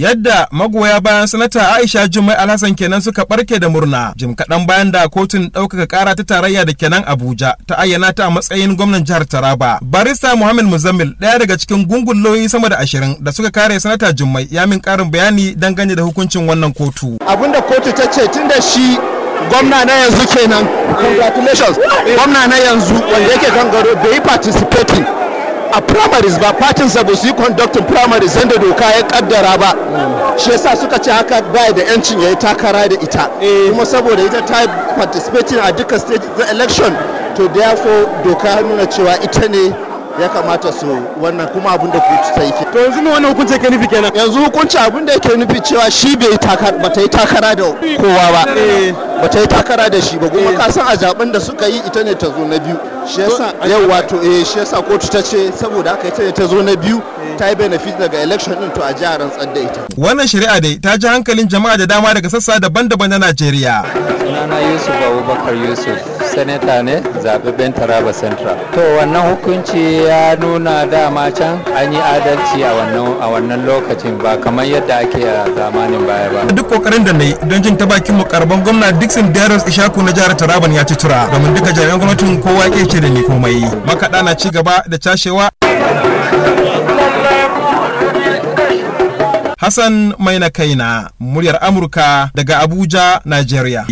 Yadda magoya bayan sanata Aisha Jummai Alhassan kenan suka barke da murna jim kaɗan bayan da kotun ɗaukaka kara ta tarayya da kenan Abuja ta ayyana ta a matsayin gwamnan jihar Taraba. Barista Muhammad Muzammil ɗaya daga cikin gungun lauyi sama da ashirin da suka kare sanata Jummai ya min ƙarin bayani dangane da hukuncin wannan kotu. Abinda kotu ta ce tun da shi gwamna na yanzu kenan congratulations gwamna na yanzu wanda yake kan gado bai participating a primaries ba fatinsa ba su yi conducting primaries yadda doka ya kaddara ba shi yasa suka ce haka ba da yancin ya yi takara da ita eh. kuma saboda ita ta participating a duka stage the election to therefore doka nuna cewa ita ne ya kamata su wannan kuma abin da kuci ta yi to yanzu ne wannan hukunci ke nufi kenan yanzu hukunci abin da yake nufi cewa shi bai takara ba ta yi takara da kowa ba eh. ba ta yi eh. takara da shi ba kuma eh. san a zaben da suka yi ita ne ta zo na biyu shi yau wato eh shi yasa kotu ta ce saboda aka ita ne ta zo na biyu eh. ta yi benefit daga election din to a jihar rantsar ita wannan shari'a dai ta ji hankalin jama'a da dama daga sassa daban-daban na Najeriya sunana Yusuf Abubakar Yusuf senata ne ben Taraba Central to wannan hukunci ya nuna dama can an yi adalci a wannan lokacin ba kamar yadda ake a zamanin baya ba duk kokarin da na yi don jin ta bakin mu karban gwamna duk Dixon Darius Ishaku na jihar Taraban ya ci tura domin duka jami'an gwamnatin kowa ya ce da ni komai. Makaɗa na ci gaba da cashewa. Hassan Maina Kaina, muryar Amurka daga Abuja, Najeriya.